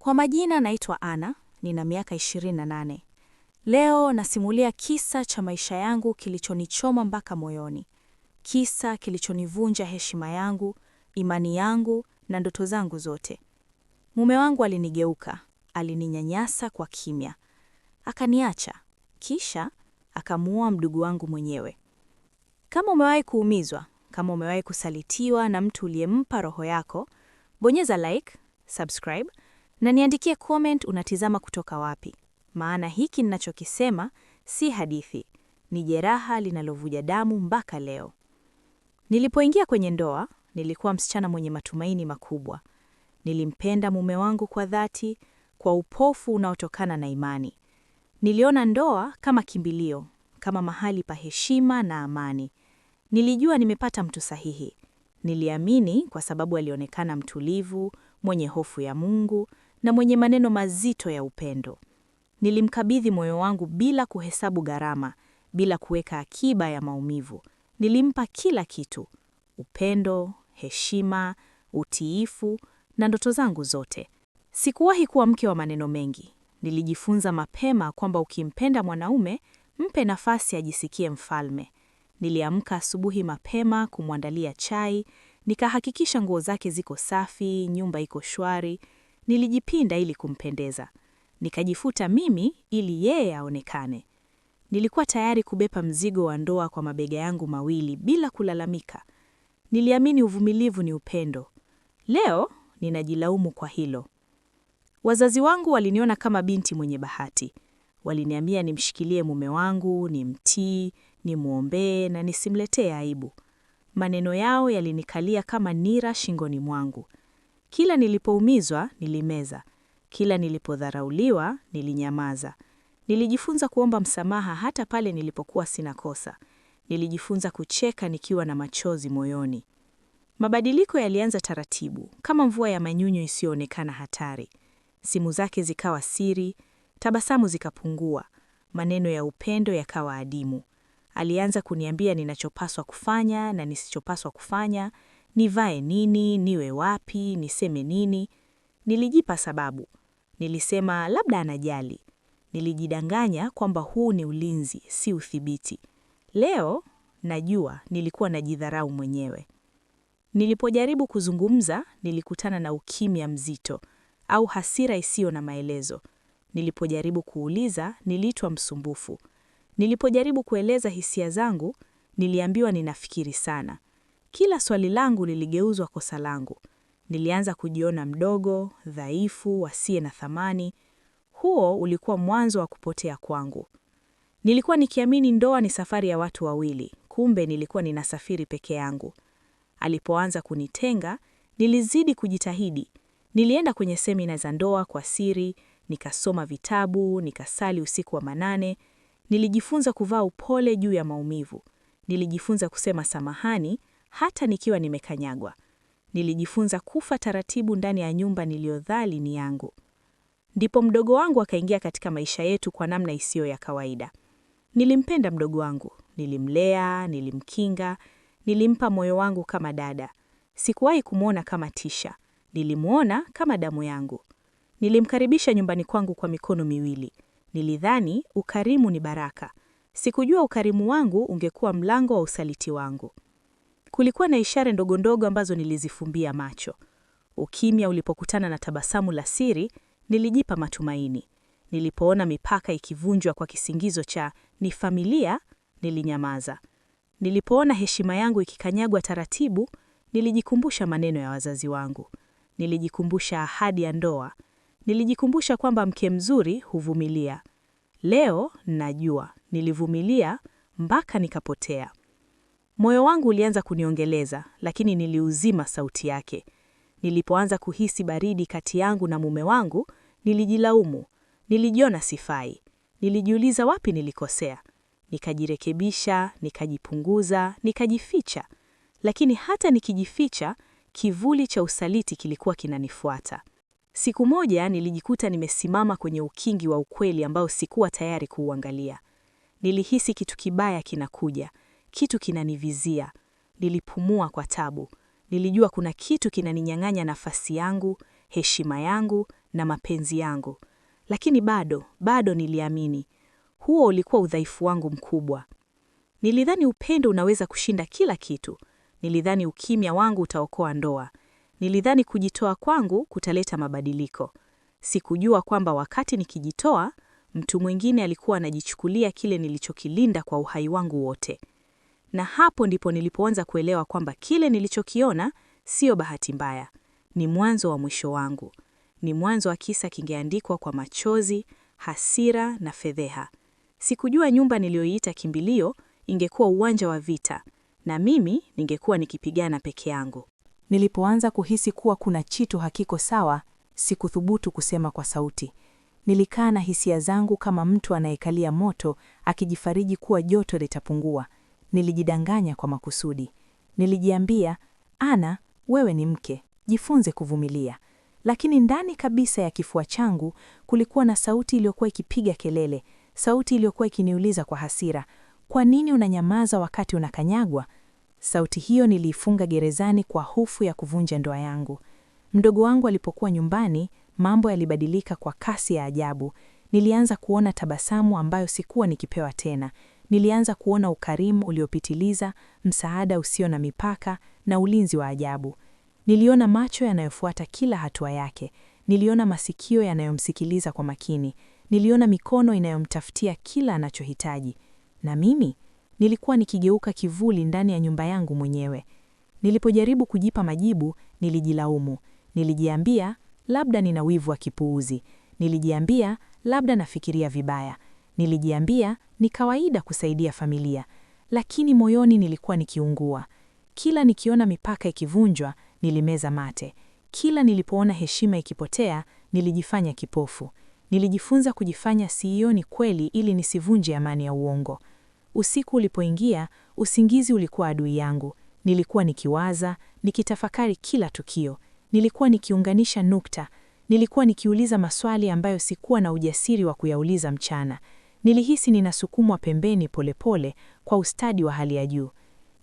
Kwa majina naitwa Ana, nina miaka 28. Leo nasimulia kisa cha maisha yangu kilichonichoma mpaka moyoni, kisa kilichonivunja heshima yangu, imani yangu na ndoto zangu zote. Mume wangu alinigeuka, alininyanyasa kwa kimya, akaniacha, kisha akamuua mdogo wangu mwenyewe. Kama umewahi kuumizwa, kama umewahi kusalitiwa na mtu uliyempa roho yako, bonyeza like, subscribe na niandikie comment unatizama kutoka wapi, maana hiki ninachokisema si hadithi, ni jeraha linalovuja damu mpaka leo. Nilipoingia kwenye ndoa, nilikuwa msichana mwenye matumaini makubwa. Nilimpenda mume wangu kwa dhati, kwa upofu unaotokana na imani. Niliona ndoa kama kimbilio, kama mahali pa heshima na amani. Nilijua nimepata mtu sahihi. Niliamini kwa sababu alionekana mtulivu, mwenye hofu ya Mungu na mwenye maneno mazito ya upendo. Nilimkabidhi moyo wangu bila kuhesabu gharama, bila kuweka akiba ya maumivu. Nilimpa kila kitu: upendo, heshima, utiifu na ndoto zangu zote. Sikuwahi kuwa mke wa maneno mengi. Nilijifunza mapema kwamba ukimpenda mwanaume, mpe nafasi ajisikie mfalme. Niliamka asubuhi mapema kumwandalia chai, nikahakikisha nguo zake ziko safi, nyumba iko shwari, Nilijipinda ili kumpendeza, nikajifuta mimi ili yeye aonekane. Nilikuwa tayari kubeba mzigo wa ndoa kwa mabega yangu mawili bila kulalamika. Niliamini uvumilivu ni upendo. Leo ninajilaumu kwa hilo. Wazazi wangu waliniona kama binti mwenye bahati. Waliniambia nimshikilie mume wangu, nimtii, nimwombee na nisimletee aibu. Maneno yao yalinikalia kama nira shingoni mwangu. Kila nilipoumizwa nilimeza, kila nilipodharauliwa nilinyamaza. Nilijifunza kuomba msamaha hata pale nilipokuwa sina kosa. Nilijifunza kucheka nikiwa na machozi moyoni. Mabadiliko yalianza taratibu, kama mvua ya manyunyu isiyoonekana hatari. Simu zake zikawa siri, tabasamu zikapungua, maneno ya upendo yakawa adimu. Alianza kuniambia ninachopaswa kufanya na nisichopaswa kufanya, Nivae nini? Niwe wapi? Niseme nini? Nilijipa sababu. Nilisema labda anajali. Nilijidanganya kwamba huu ni ulinzi, si uthibiti. Leo najua nilikuwa najidharau mwenyewe. Nilipojaribu kuzungumza, nilikutana na ukimya mzito au hasira isiyo na maelezo. Nilipojaribu kuuliza, niliitwa msumbufu. Nilipojaribu kueleza hisia zangu, niliambiwa ninafikiri sana. Kila swali langu liligeuzwa kosa langu. Nilianza kujiona mdogo, dhaifu, wasiye na thamani. Huo ulikuwa mwanzo wa kupotea kwangu. Nilikuwa nikiamini ndoa ni safari ya watu wawili, kumbe nilikuwa ninasafiri peke yangu. Alipoanza kunitenga, nilizidi kujitahidi. Nilienda kwenye semina za ndoa kwa siri, nikasoma vitabu, nikasali usiku wa manane. Nilijifunza kuvaa upole juu ya maumivu. Nilijifunza kusema samahani hata nikiwa nimekanyagwa. Nilijifunza kufa taratibu ndani ya nyumba niliyodhali ni yangu. Ndipo mdogo wangu akaingia katika maisha yetu kwa namna isiyo ya kawaida. Nilimpenda mdogo wangu, nilimlea, nilimkinga, nilimpa moyo wangu kama dada. Sikuwahi kumwona kama tisha, nilimwona kama damu yangu. Nilimkaribisha nyumbani kwangu kwa mikono miwili. Nilidhani ukarimu ni baraka. Sikujua ukarimu wangu ungekuwa mlango wa usaliti wangu. Kulikuwa na ishara ndogo ndogo ambazo nilizifumbia macho. Ukimya ulipokutana na tabasamu la siri, nilijipa matumaini. Nilipoona mipaka ikivunjwa kwa kisingizo cha ni familia, nilinyamaza. Nilipoona heshima yangu ikikanyagwa taratibu, nilijikumbusha maneno ya wazazi wangu. Nilijikumbusha ahadi ya ndoa. Nilijikumbusha kwamba mke mzuri huvumilia. Leo najua nilivumilia mpaka nikapotea. Moyo wangu ulianza kuniongeleza, lakini niliuzima sauti yake. Nilipoanza kuhisi baridi kati yangu na mume wangu, nilijilaumu, nilijiona sifai, nilijiuliza wapi nilikosea. Nikajirekebisha, nikajipunguza, nikajificha. Lakini hata nikijificha, kivuli cha usaliti kilikuwa kinanifuata. Siku moja nilijikuta nimesimama kwenye ukingi wa ukweli ambao sikuwa tayari kuuangalia. Nilihisi kitu kibaya kinakuja, kitu kinanivizia. Nilipumua kwa tabu. Nilijua kuna kitu kinaninyang'anya nafasi yangu, heshima yangu na mapenzi yangu, lakini bado bado niliamini. Huo ulikuwa udhaifu wangu mkubwa. Nilidhani upendo unaweza kushinda kila kitu. Nilidhani ukimya wangu utaokoa ndoa. Nilidhani kujitoa kwangu kutaleta mabadiliko. Sikujua kwamba wakati nikijitoa, mtu mwingine alikuwa anajichukulia kile nilichokilinda kwa uhai wangu wote na hapo ndipo nilipoanza kuelewa kwamba kile nilichokiona sio bahati mbaya, ni mwanzo wa mwisho wangu, ni mwanzo wa kisa kingeandikwa kwa machozi, hasira na fedheha. Sikujua nyumba niliyoiita Kimbilio ingekuwa uwanja wa vita na mimi ningekuwa nikipigana peke yangu. Nilipoanza kuhisi kuwa kuna kitu hakiko sawa, sikuthubutu kusema kwa sauti. Nilikaa na hisia zangu kama mtu anayekalia moto akijifariji kuwa joto litapungua. Nilijidanganya kwa makusudi. Nilijiambia, Ana, wewe ni mke, jifunze kuvumilia. Lakini ndani kabisa ya kifua changu kulikuwa na sauti iliyokuwa ikipiga kelele, sauti iliyokuwa ikiniuliza kwa hasira, kwa nini unanyamaza wakati unakanyagwa? Sauti hiyo niliifunga gerezani kwa hofu ya kuvunja ndoa yangu. Mdogo wangu alipokuwa nyumbani, mambo yalibadilika kwa kasi ya ajabu. Nilianza kuona tabasamu ambayo sikuwa nikipewa tena nilianza kuona ukarimu uliopitiliza, msaada usio na mipaka na ulinzi wa ajabu. Niliona macho yanayofuata kila hatua yake, niliona masikio yanayomsikiliza kwa makini, niliona mikono inayomtafutia kila anachohitaji. Na mimi nilikuwa nikigeuka kivuli ndani ya nyumba yangu mwenyewe. Nilipojaribu kujipa majibu, nilijilaumu. Nilijiambia labda nina wivu wa kipuuzi. Nilijiambia labda nafikiria vibaya. Nilijiambia ni kawaida kusaidia familia, lakini moyoni nilikuwa nikiungua. Kila nikiona mipaka ikivunjwa, nilimeza mate. Kila nilipoona heshima ikipotea, nilijifanya kipofu. Nilijifunza kujifanya sioni e kweli ili nisivunje amani ya uongo. Usiku ulipoingia, usingizi ulikuwa adui yangu. Nilikuwa nikiwaza, nikitafakari kila tukio. Nilikuwa nikiunganisha nukta. Nilikuwa nikiuliza maswali ambayo sikuwa na ujasiri wa kuyauliza mchana. Nilihisi ninasukumwa pembeni polepole pole kwa ustadi wa hali ya juu.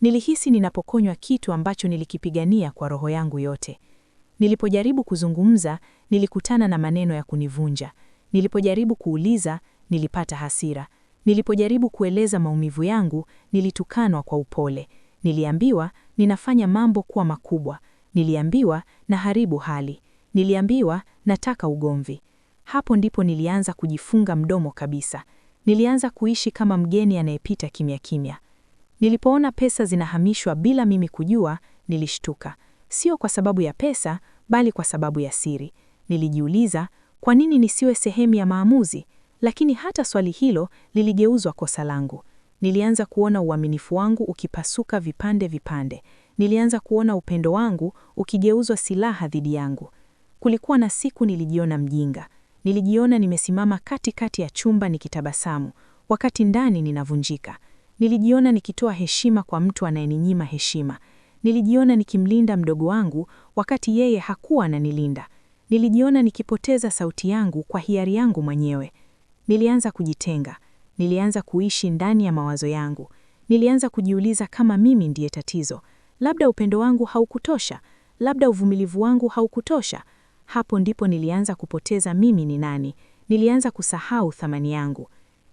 Nilihisi ninapokonywa kitu ambacho nilikipigania kwa roho yangu yote. Nilipojaribu kuzungumza, nilikutana na maneno ya kunivunja. Nilipojaribu kuuliza, nilipata hasira. Nilipojaribu kueleza maumivu yangu, nilitukanwa kwa upole. Niliambiwa ninafanya mambo kuwa makubwa. Niliambiwa naharibu hali. Niliambiwa nataka ugomvi. Hapo ndipo nilianza kujifunga mdomo kabisa. Nilianza kuishi kama mgeni anayepita kimya kimya. Nilipoona pesa zinahamishwa bila mimi kujua, nilishtuka, sio kwa sababu ya pesa, bali kwa sababu ya siri. Nilijiuliza kwa nini nisiwe sehemu ya maamuzi, lakini hata swali hilo liligeuzwa kosa langu. Nilianza kuona uaminifu wangu ukipasuka vipande vipande. Nilianza kuona upendo wangu ukigeuzwa silaha dhidi yangu. Kulikuwa na siku nilijiona mjinga, Nilijiona nimesimama katikati ya chumba nikitabasamu, wakati ndani ninavunjika. Nilijiona nikitoa heshima kwa mtu anayeninyima heshima. Nilijiona nikimlinda mdogo wangu wakati yeye hakuwa ananilinda. Nilijiona nikipoteza sauti yangu kwa hiari yangu mwenyewe. Nilianza kujitenga, nilianza kuishi ndani ya mawazo yangu. Nilianza kujiuliza kama mimi ndiye tatizo. Labda upendo wangu haukutosha, labda uvumilivu wangu haukutosha. Hapo ndipo nilianza kupoteza mimi ni nani, nilianza kusahau thamani yangu.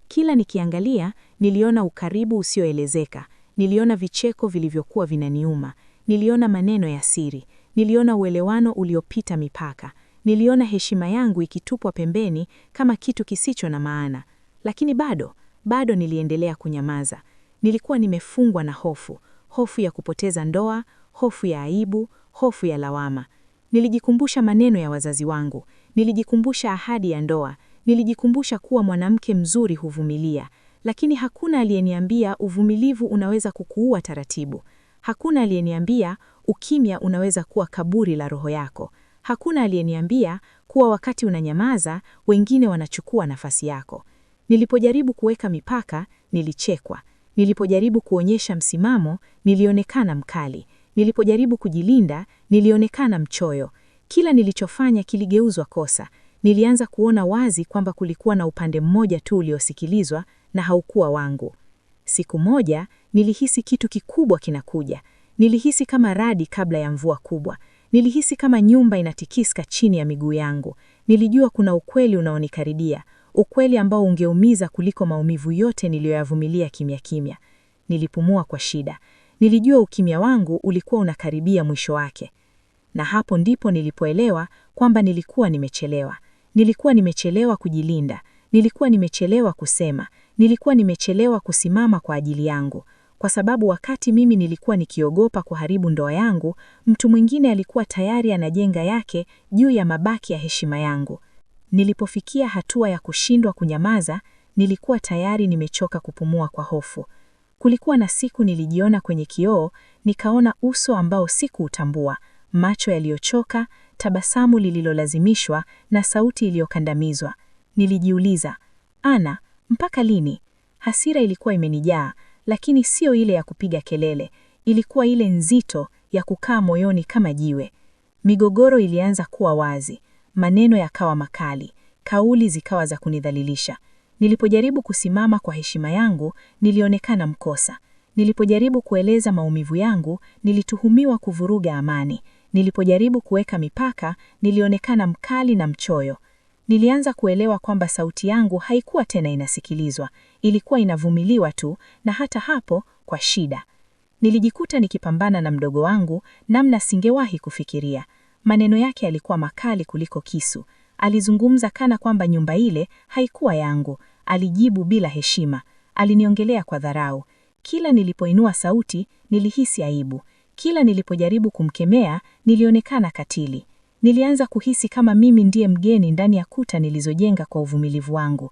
Kila nikiangalia niliona ukaribu usioelezeka, niliona vicheko vilivyokuwa vinaniuma, niliona maneno ya siri, niliona uelewano uliopita mipaka, niliona heshima yangu ikitupwa pembeni kama kitu kisicho na maana. Lakini bado bado niliendelea kunyamaza. Nilikuwa nimefungwa na hofu, hofu ya kupoteza ndoa, hofu ya aibu, hofu ya lawama. Nilijikumbusha maneno ya wazazi wangu, nilijikumbusha ahadi ya ndoa, nilijikumbusha kuwa mwanamke mzuri huvumilia, lakini hakuna aliyeniambia uvumilivu unaweza kukuua taratibu. Hakuna aliyeniambia ukimya unaweza kuwa kaburi la roho yako. Hakuna aliyeniambia kuwa wakati unanyamaza, wengine wanachukua nafasi yako. Nilipojaribu kuweka mipaka, nilichekwa. Nilipojaribu kuonyesha msimamo, nilionekana mkali. Nilipojaribu kujilinda, nilionekana mchoyo. Kila nilichofanya kiligeuzwa kosa. Nilianza kuona wazi kwamba kulikuwa na upande mmoja tu uliosikilizwa na haukuwa wangu. Siku moja nilihisi kitu kikubwa kinakuja. Nilihisi kama radi kabla ya mvua kubwa. Nilihisi kama nyumba inatikisika chini ya miguu yangu. Nilijua kuna ukweli unaonikaribia, ukweli ambao ungeumiza kuliko maumivu yote niliyoyavumilia kimya kimya. Nilipumua kwa shida. Nilijua ukimya wangu ulikuwa unakaribia mwisho wake, na hapo ndipo nilipoelewa kwamba nilikuwa nimechelewa. Nilikuwa nimechelewa kujilinda, nilikuwa nimechelewa kusema, nilikuwa nimechelewa kusimama kwa ajili yangu, kwa sababu wakati mimi nilikuwa nikiogopa kuharibu ndoa yangu, mtu mwingine alikuwa tayari anajenga yake juu ya mabaki ya heshima yangu. Nilipofikia hatua ya kushindwa kunyamaza, nilikuwa tayari nimechoka kupumua kwa hofu. Kulikuwa na siku nilijiona kwenye kioo, nikaona uso ambao sikuutambua, macho yaliyochoka, tabasamu lililolazimishwa na sauti iliyokandamizwa. Nilijiuliza, Ana, mpaka lini? Hasira ilikuwa imenijaa, lakini siyo ile ya kupiga kelele, ilikuwa ile nzito ya kukaa moyoni kama jiwe. Migogoro ilianza kuwa wazi, maneno yakawa makali, kauli zikawa za kunidhalilisha. Nilipojaribu kusimama kwa heshima yangu, nilionekana mkosa. Nilipojaribu kueleza maumivu yangu, nilituhumiwa kuvuruga amani. Nilipojaribu kuweka mipaka, nilionekana mkali na mchoyo. Nilianza kuelewa kwamba sauti yangu haikuwa tena inasikilizwa, ilikuwa inavumiliwa tu, na hata hapo kwa shida. Nilijikuta nikipambana na mdogo wangu namna singewahi kufikiria. Maneno yake yalikuwa makali kuliko kisu, Alizungumza kana kwamba nyumba ile haikuwa yangu. Alijibu bila heshima. Aliniongelea kwa dharau. Kila nilipoinua sauti, nilihisi aibu. Kila nilipojaribu kumkemea, nilionekana katili. Nilianza kuhisi kama mimi ndiye mgeni ndani ya kuta nilizojenga kwa uvumilivu wangu.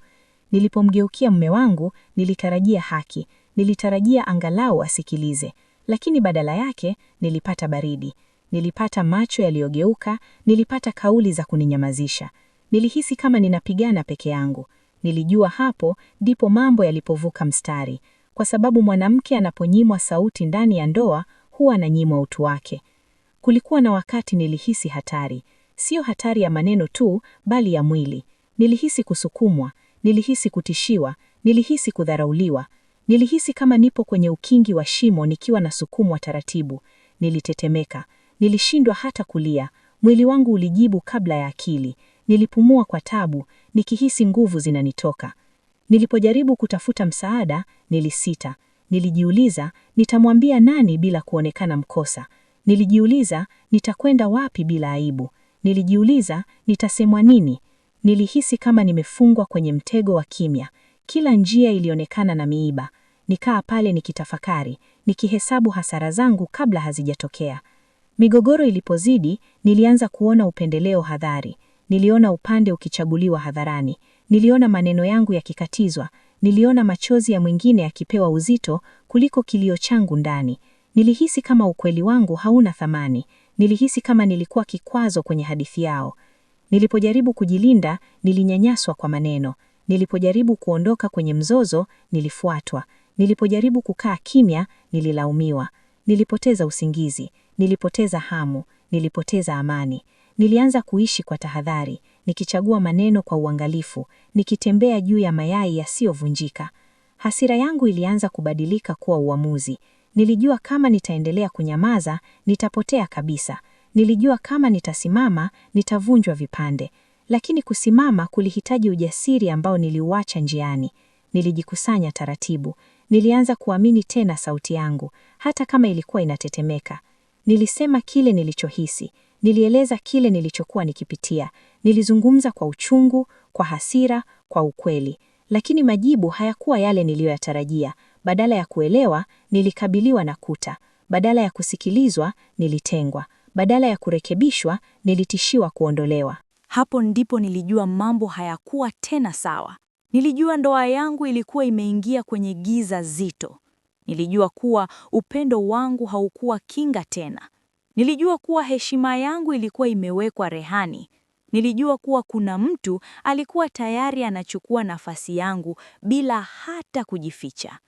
Nilipomgeukia mume wangu, nilitarajia haki, nilitarajia angalau asikilize, lakini badala yake nilipata baridi. Nilipata macho yaliyogeuka, nilipata kauli za kuninyamazisha. Nilihisi kama ninapigana peke yangu. Nilijua hapo ndipo mambo yalipovuka mstari, kwa sababu mwanamke anaponyimwa sauti ndani ya ndoa huwa ananyimwa utu wake. Kulikuwa na wakati nilihisi hatari, sio hatari ya maneno tu, bali ya mwili. Nilihisi kusukumwa, nilihisi kutishiwa, nilihisi kudharauliwa. Nilihisi kama nipo kwenye ukingi wa shimo nikiwa nasukumwa taratibu. Nilitetemeka. Nilishindwa hata kulia, mwili wangu ulijibu kabla ya akili. Nilipumua kwa tabu, nikihisi nguvu zinanitoka. Nilipojaribu kutafuta msaada, nilisita. Nilijiuliza, nitamwambia nani bila kuonekana mkosa? Nilijiuliza, nitakwenda wapi bila aibu? Nilijiuliza, nitasemwa nini? Nilihisi kama nimefungwa kwenye mtego wa kimya. Kila njia ilionekana na miiba. Nikaa pale nikitafakari, nikihesabu hasara zangu kabla hazijatokea. Migogoro ilipozidi, nilianza kuona upendeleo hadhari. Niliona upande ukichaguliwa hadharani. Niliona maneno yangu yakikatizwa. Niliona machozi ya mwingine yakipewa uzito kuliko kilio changu ndani. Nilihisi kama ukweli wangu hauna thamani. Nilihisi kama nilikuwa kikwazo kwenye hadithi yao. Nilipojaribu kujilinda, nilinyanyaswa kwa maneno. Nilipojaribu kuondoka kwenye mzozo, nilifuatwa. Nilipojaribu kukaa kimya, nililaumiwa. Nilipoteza usingizi. Nilipoteza hamu, nilipoteza amani. Nilianza kuishi kwa tahadhari, nikichagua maneno kwa uangalifu, nikitembea juu ya mayai yasiyovunjika. Hasira yangu ilianza kubadilika kuwa uamuzi. Nilijua kama nitaendelea kunyamaza, nitapotea kabisa. Nilijua kama nitasimama, nitavunjwa vipande. Lakini kusimama kulihitaji ujasiri ambao niliuacha njiani. Nilijikusanya taratibu. Nilianza kuamini tena sauti yangu, hata kama ilikuwa inatetemeka. Nilisema kile nilichohisi, nilieleza kile nilichokuwa nikipitia, nilizungumza kwa uchungu, kwa hasira, kwa ukweli, lakini majibu hayakuwa yale niliyoyatarajia. Badala ya kuelewa, nilikabiliwa na kuta. Badala ya kusikilizwa, nilitengwa. Badala ya kurekebishwa, nilitishiwa kuondolewa. Hapo ndipo nilijua mambo hayakuwa tena sawa. Nilijua ndoa yangu ilikuwa imeingia kwenye giza zito. Nilijua kuwa upendo wangu haukuwa kinga tena. Nilijua kuwa heshima yangu ilikuwa imewekwa rehani. Nilijua kuwa kuna mtu alikuwa tayari anachukua nafasi yangu bila hata kujificha.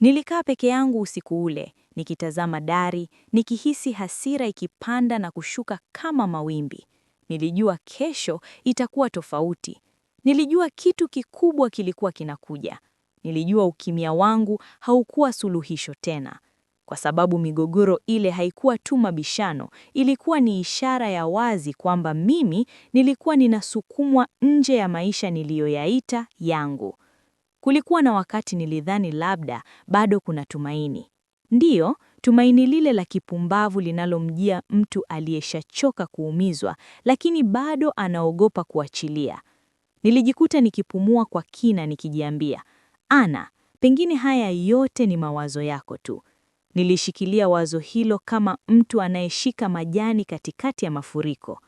Nilikaa peke yangu usiku ule, nikitazama dari, nikihisi hasira ikipanda na kushuka kama mawimbi. Nilijua kesho itakuwa tofauti. Nilijua kitu kikubwa kilikuwa kinakuja. Nilijua ukimya wangu haukuwa suluhisho tena, kwa sababu migogoro ile haikuwa tu mabishano, ilikuwa ni ishara ya wazi kwamba mimi nilikuwa ninasukumwa nje ya maisha niliyoyaita yangu. Kulikuwa na wakati nilidhani labda bado kuna tumaini. Ndiyo, tumaini lile la kipumbavu linalomjia mtu aliyeshachoka kuumizwa, lakini bado anaogopa kuachilia. Nilijikuta nikipumua kwa kina nikijiambia, ana, pengine haya yote ni mawazo yako tu. Nilishikilia wazo hilo kama mtu anayeshika majani katikati ya mafuriko.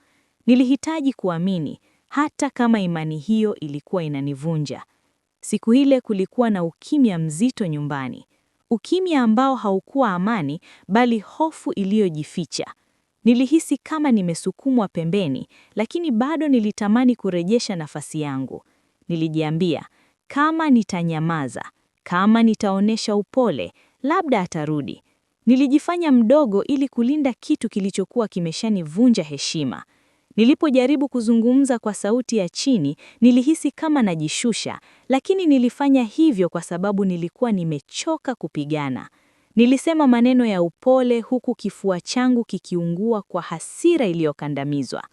Nilihitaji kuamini hata kama imani hiyo ilikuwa inanivunja. Siku ile kulikuwa na ukimya mzito nyumbani, ukimya ambao haukuwa amani, bali hofu iliyojificha. Nilihisi kama nimesukumwa pembeni, lakini bado nilitamani kurejesha nafasi yangu. Nilijiambia, kama nitanyamaza, kama nitaonesha upole, labda atarudi. Nilijifanya mdogo ili kulinda kitu kilichokuwa kimeshanivunja heshima. Nilipojaribu kuzungumza kwa sauti ya chini, nilihisi kama najishusha, lakini nilifanya hivyo kwa sababu nilikuwa nimechoka kupigana. Nilisema maneno ya upole huku kifua changu kikiungua kwa hasira iliyokandamizwa.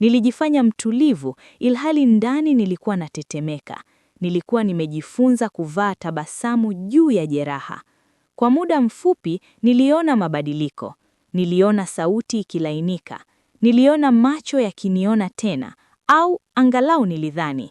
Nilijifanya mtulivu ilhali ndani nilikuwa natetemeka nilikuwa nimejifunza kuvaa tabasamu juu ya jeraha. Kwa muda mfupi niliona mabadiliko, niliona sauti ikilainika, niliona macho yakiniona tena, au angalau nilidhani.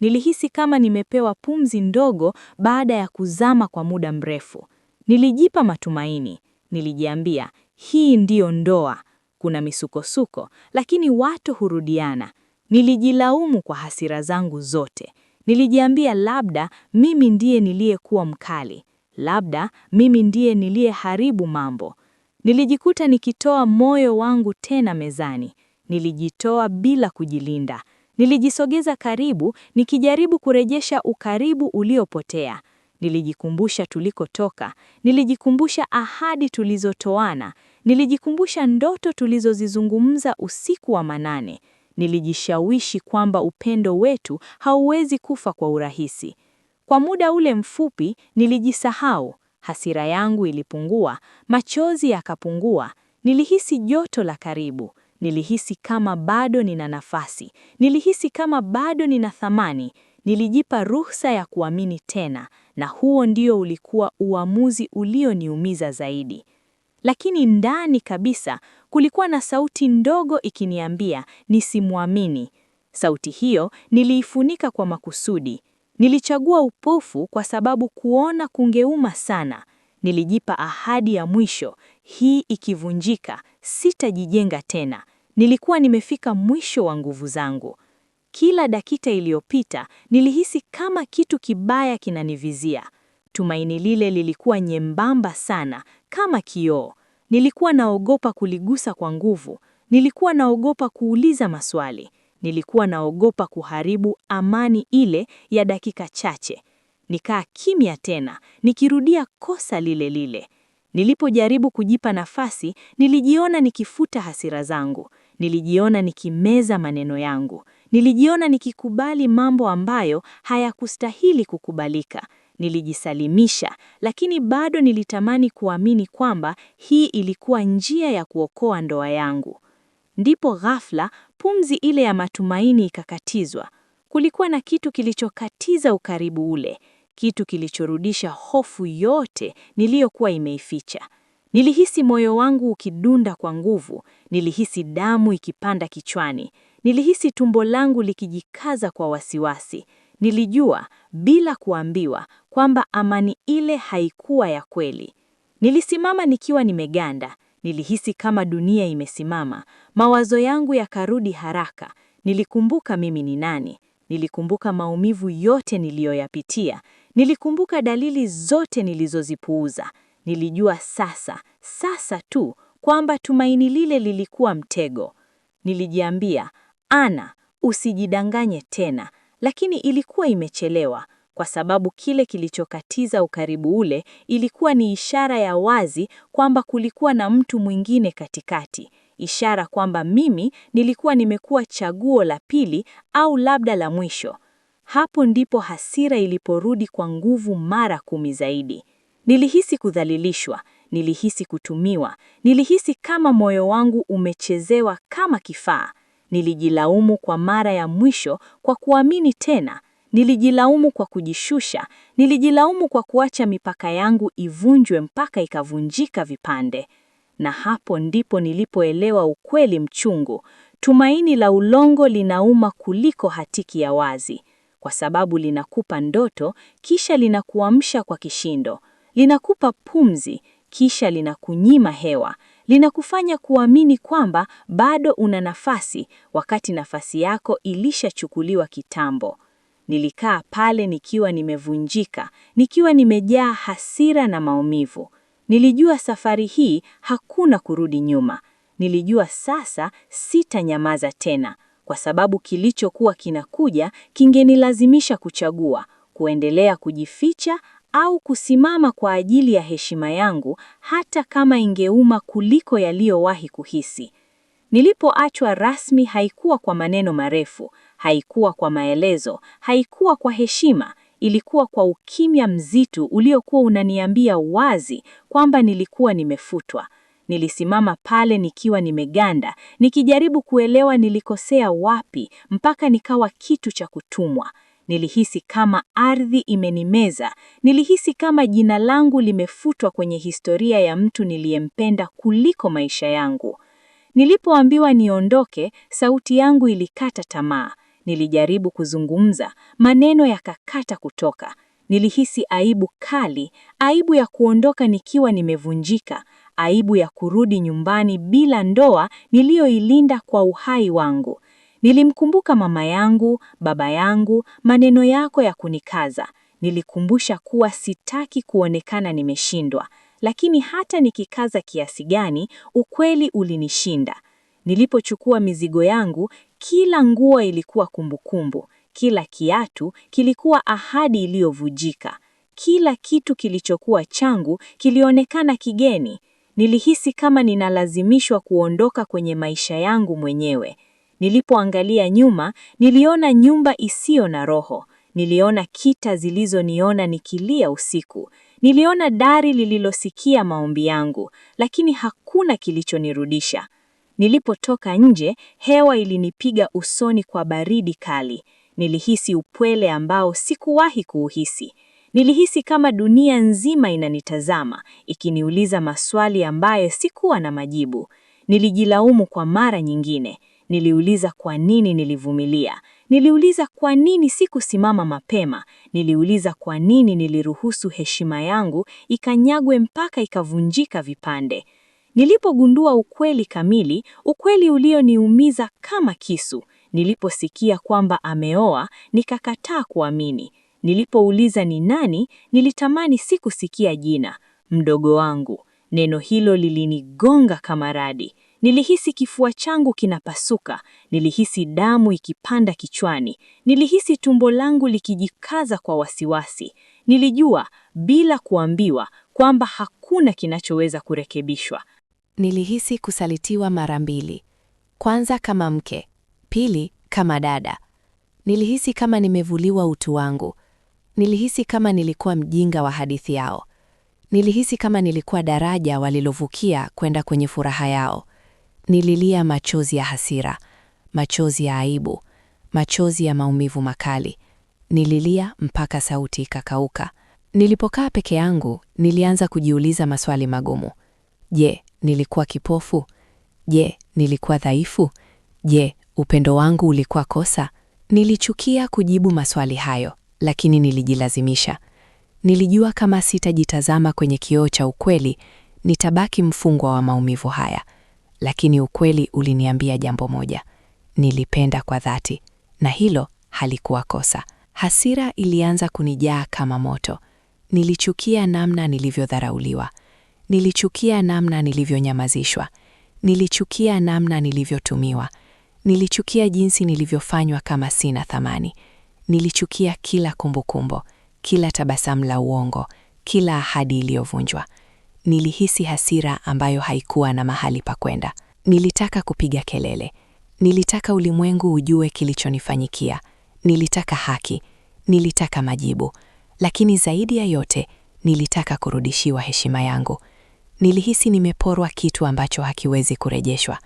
Nilihisi kama nimepewa pumzi ndogo baada ya kuzama kwa muda mrefu. Nilijipa matumaini, nilijiambia hii ndiyo ndoa, kuna misukosuko, lakini watu hurudiana. Nilijilaumu kwa hasira zangu zote. Nilijiambia labda mimi ndiye niliyekuwa mkali, labda mimi ndiye niliyeharibu mambo. Nilijikuta nikitoa moyo wangu tena mezani. Nilijitoa bila kujilinda. Nilijisogeza karibu nikijaribu kurejesha ukaribu uliopotea. Nilijikumbusha tulikotoka, nilijikumbusha ahadi tulizotoana, nilijikumbusha ndoto tulizozizungumza usiku wa manane nilijishawishi kwamba upendo wetu hauwezi kufa kwa urahisi. Kwa muda ule mfupi nilijisahau, hasira yangu ilipungua, machozi yakapungua, nilihisi joto la karibu, nilihisi kama bado nina nafasi, nilihisi kama bado nina thamani. Nilijipa ruhusa ya kuamini tena, na huo ndio ulikuwa uamuzi ulioniumiza zaidi lakini ndani kabisa kulikuwa na sauti ndogo ikiniambia nisimwamini. Sauti hiyo niliifunika kwa makusudi. Nilichagua upofu kwa sababu kuona kungeuma sana. Nilijipa ahadi ya mwisho, hii ikivunjika sitajijenga tena. Nilikuwa nimefika mwisho wa nguvu zangu. Kila dakika iliyopita nilihisi kama kitu kibaya kinanivizia. Tumaini lile lilikuwa nyembamba sana kama kioo. Nilikuwa naogopa kuligusa kwa nguvu, nilikuwa naogopa kuuliza maswali, nilikuwa naogopa kuharibu amani ile ya dakika chache. Nikaa kimya tena, nikirudia kosa lile lile. Nilipojaribu kujipa nafasi, nilijiona nikifuta hasira zangu, nilijiona nikimeza maneno yangu, nilijiona nikikubali mambo ambayo hayakustahili kukubalika. Nilijisalimisha, lakini bado nilitamani kuamini kwamba hii ilikuwa njia ya kuokoa ndoa yangu. Ndipo ghafla pumzi ile ya matumaini ikakatizwa. Kulikuwa na kitu kilichokatiza ukaribu ule, kitu kilichorudisha hofu yote niliyokuwa imeificha. Nilihisi moyo wangu ukidunda kwa nguvu, nilihisi damu ikipanda kichwani, nilihisi tumbo langu likijikaza kwa wasiwasi. Nilijua bila kuambiwa kwamba amani ile haikuwa ya kweli. Nilisimama nikiwa nimeganda, nilihisi kama dunia imesimama. Mawazo yangu yakarudi haraka. Nilikumbuka mimi ni nani. Nilikumbuka maumivu yote niliyoyapitia. Nilikumbuka dalili zote nilizozipuuza. Nilijua sasa, sasa tu kwamba tumaini lile lilikuwa mtego. Nilijiambia, Ana, usijidanganye tena lakini ilikuwa imechelewa kwa sababu kile kilichokatiza ukaribu ule ilikuwa ni ishara ya wazi kwamba kulikuwa na mtu mwingine katikati, ishara kwamba mimi nilikuwa nimekuwa chaguo la pili au labda la mwisho. Hapo ndipo hasira iliporudi kwa nguvu mara kumi zaidi. Nilihisi kudhalilishwa, nilihisi kutumiwa, nilihisi kama moyo wangu umechezewa kama kifaa. Nilijilaumu kwa mara ya mwisho kwa kuamini tena. Nilijilaumu kwa kujishusha. Nilijilaumu kwa kuacha mipaka yangu ivunjwe mpaka ikavunjika vipande. Na hapo ndipo nilipoelewa ukweli mchungu. Tumaini la ulongo linauma kuliko hatiki ya wazi, kwa sababu linakupa ndoto kisha linakuamsha kwa kishindo, linakupa pumzi kisha linakunyima hewa, linakufanya kuamini kwamba bado una nafasi wakati nafasi yako ilishachukuliwa kitambo. Nilikaa pale nikiwa nimevunjika, nikiwa nimejaa hasira na maumivu. Nilijua safari hii hakuna kurudi nyuma. Nilijua sasa sitanyamaza tena, kwa sababu kilichokuwa kinakuja kingenilazimisha kuchagua, kuendelea kujificha au kusimama kwa ajili ya heshima yangu hata kama ingeuma kuliko yaliyowahi kuhisi. Nilipoachwa rasmi haikuwa kwa maneno marefu, haikuwa kwa maelezo, haikuwa kwa heshima, ilikuwa kwa ukimya mzito uliokuwa unaniambia wazi kwamba nilikuwa nimefutwa. Nilisimama pale nikiwa nimeganda, nikijaribu kuelewa nilikosea wapi mpaka nikawa kitu cha kutumwa. Nilihisi kama ardhi imenimeza, nilihisi kama jina langu limefutwa kwenye historia ya mtu niliyempenda kuliko maisha yangu. Nilipoambiwa niondoke, sauti yangu ilikata tamaa. Nilijaribu kuzungumza, maneno yakakata kutoka. Nilihisi aibu kali, aibu ya kuondoka nikiwa nimevunjika, aibu ya kurudi nyumbani bila ndoa niliyoilinda kwa uhai wangu. Nilimkumbuka mama yangu, baba yangu, maneno yako ya kunikaza. Nilikumbusha kuwa sitaki kuonekana nimeshindwa, lakini hata nikikaza kiasi gani, ukweli ulinishinda. Nilipochukua mizigo yangu, kila nguo ilikuwa kumbukumbu, kila kiatu kilikuwa ahadi iliyovujika. Kila kitu kilichokuwa changu kilionekana kigeni. Nilihisi kama ninalazimishwa kuondoka kwenye maisha yangu mwenyewe. Nilipoangalia nyuma, niliona nyumba isiyo na roho. Niliona kita zilizoniona nikilia usiku. Niliona dari lililosikia maombi yangu, lakini hakuna kilichonirudisha. Nilipotoka nje, hewa ilinipiga usoni kwa baridi kali. Nilihisi upwele ambao sikuwahi kuuhisi. Nilihisi kama dunia nzima inanitazama, ikiniuliza maswali ambayo sikuwa na majibu. Nilijilaumu kwa mara nyingine. Niliuliza kwa nini nilivumilia. Niliuliza kwa nini sikusimama mapema. Niliuliza kwa nini niliruhusu heshima yangu ikanyagwe mpaka ikavunjika vipande. Nilipogundua ukweli kamili, ukweli ulioniumiza kama kisu. Niliposikia kwamba ameoa, nikakataa kuamini. Nilipouliza ni nani, nilitamani sikusikia jina. Mdogo wangu. Neno hilo lilinigonga kama radi. Nilihisi kifua changu kinapasuka, nilihisi damu ikipanda kichwani, nilihisi tumbo langu likijikaza kwa wasiwasi. Nilijua bila kuambiwa kwamba hakuna kinachoweza kurekebishwa. Nilihisi kusalitiwa mara mbili. Kwanza kama mke, pili kama dada. Nilihisi kama nimevuliwa utu wangu. Nilihisi kama nilikuwa mjinga wa hadithi yao. Nilihisi kama nilikuwa daraja walilovukia kwenda kwenye furaha yao. Nililia machozi ya hasira, machozi ya aibu, machozi ya maumivu makali. Nililia mpaka sauti ikakauka. Nilipokaa peke yangu, nilianza kujiuliza maswali magumu. Je, nilikuwa kipofu? Je, nilikuwa dhaifu? Je, upendo wangu ulikuwa kosa? Nilichukia kujibu maswali hayo, lakini nilijilazimisha. Nilijua kama sitajitazama kwenye kioo cha ukweli, nitabaki mfungwa wa maumivu haya lakini ukweli uliniambia jambo moja: nilipenda kwa dhati, na hilo halikuwa kosa. Hasira ilianza kunijaa kama moto. Nilichukia namna nilivyodharauliwa, nilichukia namna nilivyonyamazishwa, nilichukia namna nilivyotumiwa, nilichukia jinsi nilivyofanywa kama sina thamani, nilichukia kila kumbukumbu, kila tabasamu la uongo, kila ahadi iliyovunjwa. Nilihisi hasira ambayo haikuwa na mahali pa kwenda. Nilitaka kupiga kelele, nilitaka ulimwengu ujue kilichonifanyikia, nilitaka haki, nilitaka majibu, lakini zaidi ya yote nilitaka kurudishiwa heshima yangu. Nilihisi nimeporwa kitu ambacho hakiwezi kurejeshwa,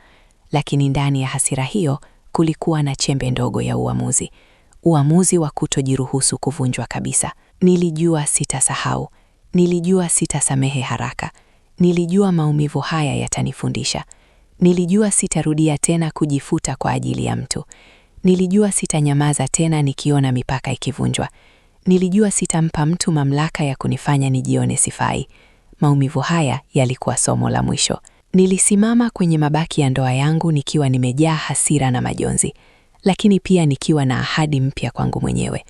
lakini ndani ya hasira hiyo kulikuwa na chembe ndogo ya uamuzi, uamuzi wa kutojiruhusu kuvunjwa kabisa. Nilijua sitasahau. Nilijua sitasamehe haraka. Nilijua maumivu haya yatanifundisha. Nilijua sitarudia tena kujifuta kwa ajili ya mtu. Nilijua sitanyamaza tena nikiona mipaka ikivunjwa. Nilijua sitampa mtu mamlaka ya kunifanya nijione sifai. Maumivu haya yalikuwa somo la mwisho. Nilisimama kwenye mabaki ya ndoa yangu nikiwa nimejaa hasira na majonzi, lakini pia nikiwa na ahadi mpya kwangu mwenyewe,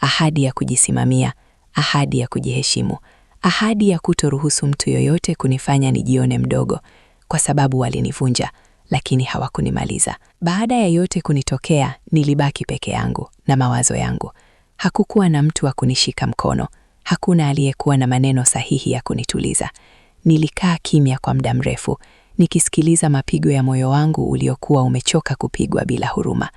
ahadi ya kujisimamia, ahadi ya kujiheshimu ahadi ya kutoruhusu mtu yoyote kunifanya nijione mdogo, kwa sababu walinivunja lakini hawakunimaliza. Baada ya yote kunitokea, nilibaki peke yangu na mawazo yangu. Hakukuwa na mtu wa kunishika mkono, hakuna aliyekuwa na maneno sahihi ya kunituliza. Nilikaa kimya kwa muda mrefu, nikisikiliza mapigo ya moyo wangu uliokuwa umechoka kupigwa bila huruma.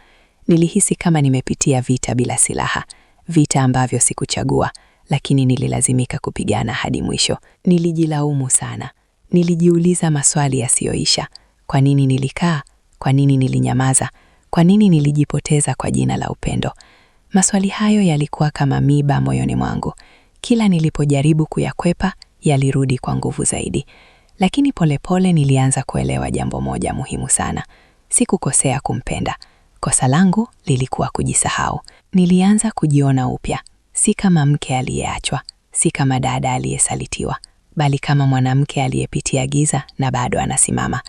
Nilihisi kama nimepitia vita bila silaha, vita ambavyo sikuchagua lakini nililazimika kupigana hadi mwisho. Nilijilaumu sana, nilijiuliza maswali yasiyoisha: kwa nini nilikaa? Kwa nini nilinyamaza? Kwa nini nilijipoteza kwa jina la upendo? Maswali hayo yalikuwa kama miba moyoni mwangu. Kila nilipojaribu kuyakwepa, yalirudi kwa nguvu zaidi. Lakini polepole nilianza kuelewa jambo moja muhimu sana: sikukosea kumpenda. Kosa langu lilikuwa kujisahau. Nilianza kujiona upya, si kama mke aliyeachwa, si kama dada aliyesalitiwa, bali kama mwanamke aliyepitia giza na bado anasimama.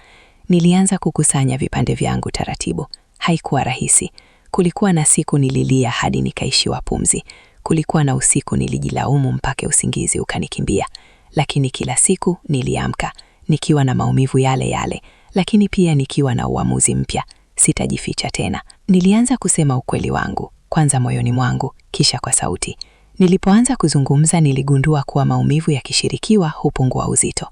Nilianza kukusanya vipande vyangu taratibu. Haikuwa rahisi. Kulikuwa na siku nililia hadi nikaishiwa pumzi. Kulikuwa na usiku nilijilaumu mpaka usingizi ukanikimbia. Lakini kila siku niliamka nikiwa na maumivu yale yale, lakini pia nikiwa na uamuzi mpya: sitajificha tena. Nilianza kusema ukweli wangu, kwanza moyoni mwangu, kisha kwa sauti. Nilipoanza kuzungumza, niligundua kuwa maumivu yakishirikiwa hupungua uzito.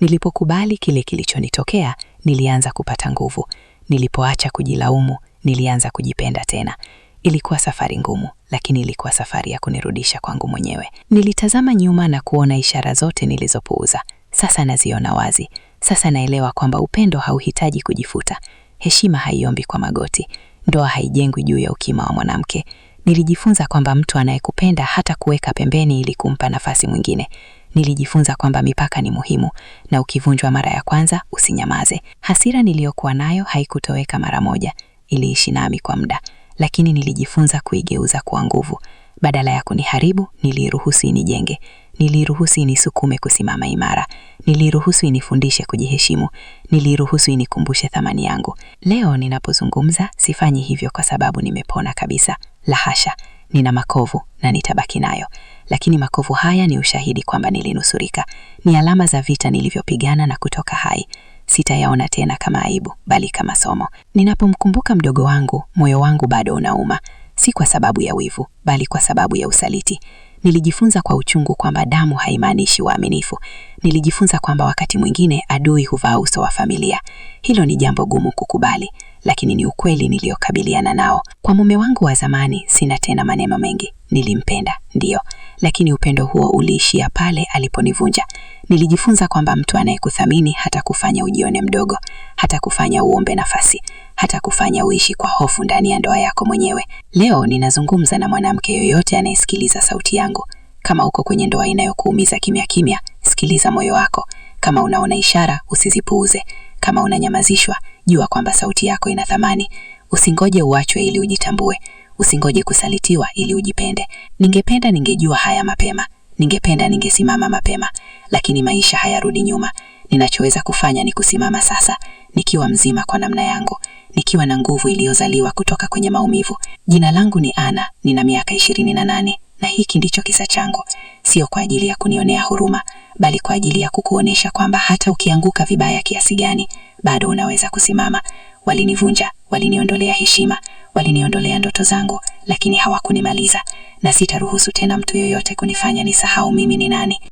Nilipokubali kile kilichonitokea, nilianza kupata nguvu. Nilipoacha kujilaumu, nilianza kujipenda tena. Ilikuwa safari ngumu, lakini ilikuwa safari ya kunirudisha kwangu mwenyewe. Nilitazama nyuma na kuona ishara zote nilizopuuza. Sasa naziona wazi. Sasa naelewa kwamba upendo hauhitaji kujifuta. Heshima haiombi kwa magoti ndoa haijengwi juu ya ukima wa mwanamke. Nilijifunza kwamba mtu anayekupenda hata kuweka pembeni ili kumpa nafasi mwingine. Nilijifunza kwamba mipaka ni muhimu na ukivunjwa mara ya kwanza usinyamaze. Hasira niliyokuwa nayo haikutoweka mara moja, iliishi nami kwa muda, lakini nilijifunza kuigeuza kuwa nguvu. Badala ya kuniharibu, niliruhusu inijenge. Niliruhusu inisukume kusimama imara. Niliruhusu inifundishe kujiheshimu. Niliruhusu inikumbushe thamani yangu. Leo ninapozungumza, sifanyi hivyo kwa sababu nimepona kabisa. la hasha nina makovu na nitabaki nayo, lakini makovu haya ni ushahidi kwamba nilinusurika. Ni alama za vita nilivyopigana na kutoka hai. Sitayaona tena kama aibu, bali kama somo. Ninapomkumbuka mdogo wangu, moyo wangu bado unauma, si kwa sababu ya wivu, bali kwa sababu ya usaliti. Nilijifunza kwa uchungu kwamba damu haimaanishi uaminifu. Nilijifunza kwamba wakati mwingine adui huvaa uso wa familia. Hilo ni jambo gumu kukubali, lakini ni ukweli niliyokabiliana nao. Kwa mume wangu wa zamani sina tena maneno mengi. Nilimpenda ndiyo, lakini upendo huo uliishia pale aliponivunja. Nilijifunza kwamba mtu anayekuthamini hata kufanya ujione mdogo, hata kufanya uombe nafasi, hata kufanya uishi kwa hofu ndani ya ndoa yako mwenyewe. Leo ninazungumza na mwanamke yoyote anayesikiliza sauti yangu. Kama uko kwenye ndoa inayokuumiza kimya kimya, sikiliza moyo wako. Kama unaona ishara, usizipuuze. Kama unanyamazishwa, jua kwamba sauti yako ina thamani. Usingoje uachwe ili ujitambue, usingoje kusalitiwa ili ujipende. Ningependa ningejua haya mapema, ningependa ningesimama mapema, lakini maisha hayarudi nyuma. Ninachoweza kufanya ni kusimama sasa, nikiwa mzima kwa namna yangu, nikiwa na nguvu iliyozaliwa kutoka kwenye maumivu. Jina langu ni Ana, nina miaka ishirini na nane na hiki ndicho kisa changu, sio kwa ajili ya kunionea huruma bali kwa ajili ya kukuonesha kwamba hata ukianguka vibaya kiasi gani bado unaweza kusimama. Walinivunja, waliniondolea heshima, waliniondolea ndoto zangu, lakini hawakunimaliza, na sitaruhusu tena mtu yoyote kunifanya nisahau mimi ni nani.